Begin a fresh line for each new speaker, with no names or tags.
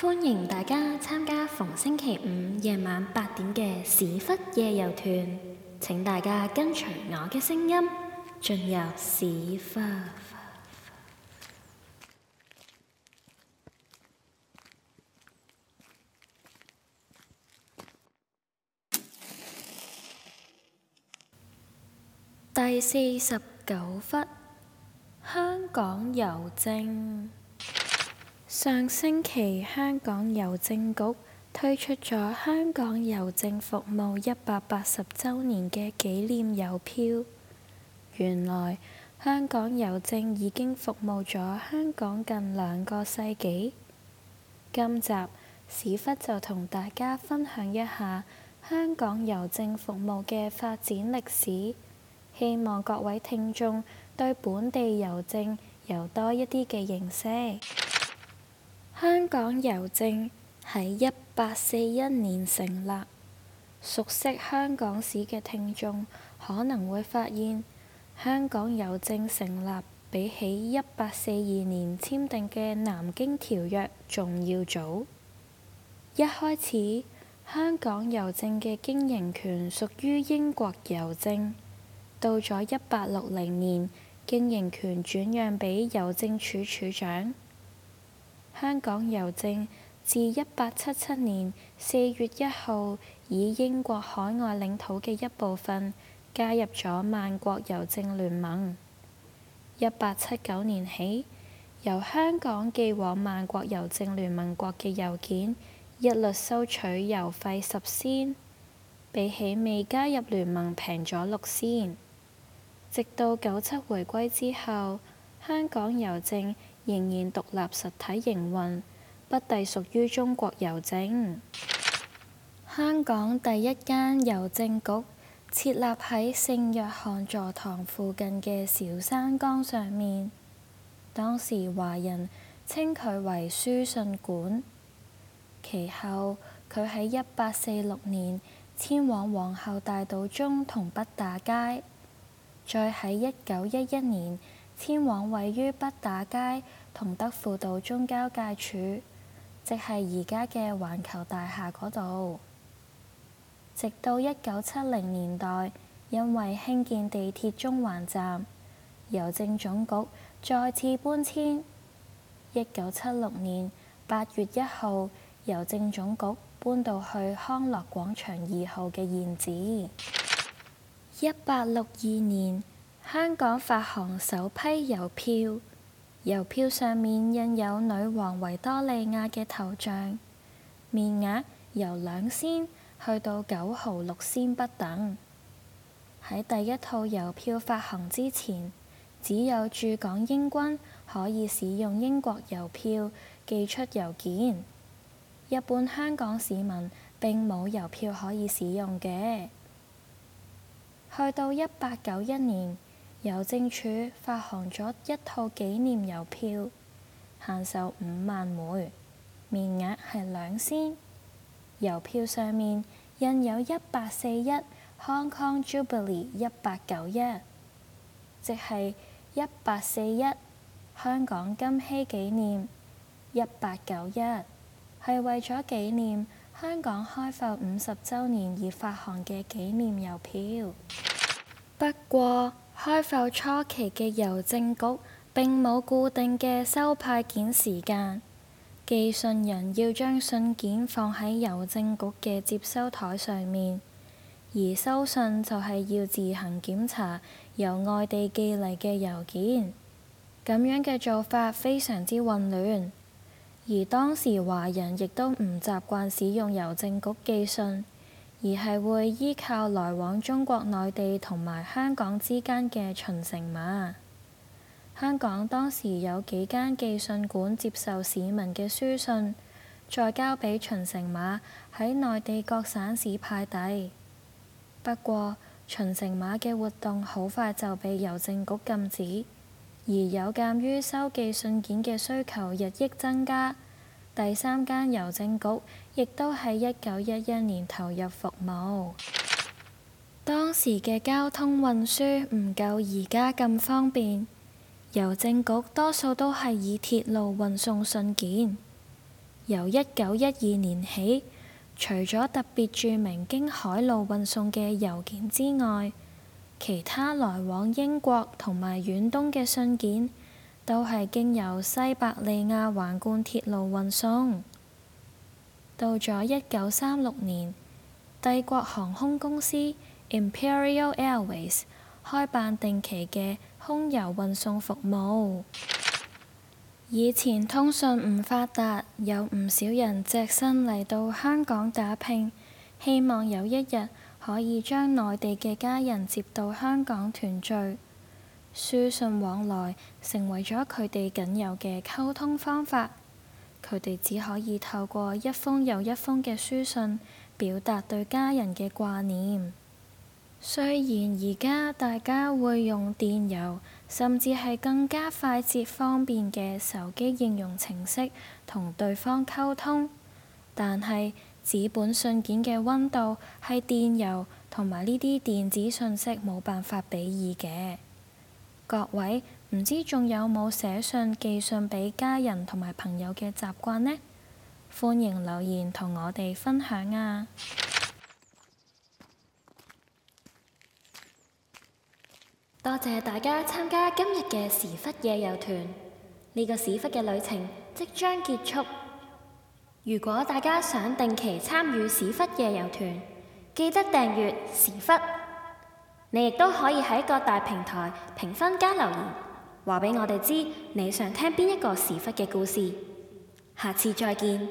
歡迎大家參加逢星期五夜晚八點嘅史窟夜遊團。請大家跟隨我嘅聲音進入史窟。 第四十九窟，香港郵政。上星期，香港郵政局推出咗香港郵政服務一百八十周年嘅紀念郵票。原來，香港郵政已經服務咗香港近兩個世紀。今集史窟就同大家分享一下香港郵政服務嘅發展歷史，希望各位聽眾對本地郵政有多一啲嘅認識。香港郵政喺一八四一年成立。熟悉香港史嘅聽眾可能會發現，香港郵政成立比起一八四二年簽訂嘅《南京條約》仲要早。一開始，香港郵政嘅經營權屬於英國郵政，到咗一八六零年，經營權轉讓畀郵政處處長。香港郵政自一八七七年四月一號以英國海外領土嘅一部分加入咗萬國郵政聯盟。一八七九年起，由香港寄往萬國郵政聯盟國嘅郵件，一律收取郵費十仙，比起未加入聯盟平咗六仙。直到九七回歸之後，香港郵政仍然獨立實體營運，不隸屬於中國郵政。香港第一間郵政局設立喺聖約翰座堂附近嘅小山崗上面，當時華人稱佢為書信館。其後佢喺一八四六年遷往皇后大道中同畢打街，再喺一九一一年。天王位於畢打街同德輔道中交界處，即係而家嘅環球大廈嗰度。直到一九七零年代，因為興建地鐵中環站，郵政總局再次搬遷。一九七六年八月一號，郵政總局搬到去康樂廣場二號嘅現址。一八六二年。香港發行首批郵票，郵票上面印有女王維多利亞嘅頭像，面額由兩仙去到九毫六仙不等。喺第一套郵票發行之前，只有駐港英軍可以使用英國郵票寄出郵件，一般香港市民並冇郵票可以使用嘅。去到一八九一年。郵政處發行咗一套紀念郵票，限售五萬枚，面額係兩仙。郵票上面印有「一八四一 Hong Kong Jubilee 一八九一」，即係一八四一香港金禧紀念一八九一，係為咗紀念香港開埠五十週年而發行嘅紀念郵票。不過，開埠初期嘅郵政局並冇固定嘅收派件時間，寄信人要將信件放喺郵政局嘅接收台上面，而收信就係要自行檢查由外地寄嚟嘅郵件。咁樣嘅做法非常之混亂，而當時華人亦都唔習慣使用郵政局寄信。而係會依靠來往中國內地同埋香港之間嘅巡城馬。香港當時有幾間寄信館接受市民嘅書信，再交俾巡城馬喺內地各省市派遞。不過，巡城馬嘅活動好快就被郵政局禁止，而有鑑於收寄信件嘅需求日益增加。第三間郵政局亦都喺一九一一年投入服務。當時嘅交通運輸唔夠而家咁方便，郵政局多數都係以鐵路運送信件。由一九一二年起，除咗特別註明經海路運送嘅郵件之外，其他來往英國同埋遠東嘅信件，都係經由西伯利亞橫貫鐵路運送。到咗一九三六年，帝國航空公司 （Imperial Airways） 開辦定期嘅空郵運送服務。以前通訊唔發達，有唔少人隻身嚟到香港打拼，希望有一日可以將內地嘅家人接到香港團聚。書信往來成為咗佢哋僅有嘅溝通方法，佢哋只可以透過一封又一封嘅書信表達對家人嘅掛念。雖然而家大家會用電郵，甚至係更加快捷方便嘅手機應用程式同對方溝通，但係紙本信件嘅溫度係電郵同埋呢啲電子信息冇辦法比擬嘅。各位唔知仲有冇寫信寄信俾家人同埋朋友嘅習慣呢？歡迎留言同我哋分享啊！多謝大家參加今日嘅史窟夜遊團，呢、這個史窟嘅旅程即將結束。如果大家想定期參與史窟夜遊團，記得訂閱史窟。你亦都可以喺各大平台評分加留言，話俾我哋知你想聽邊一個時刻嘅故事。下次再見。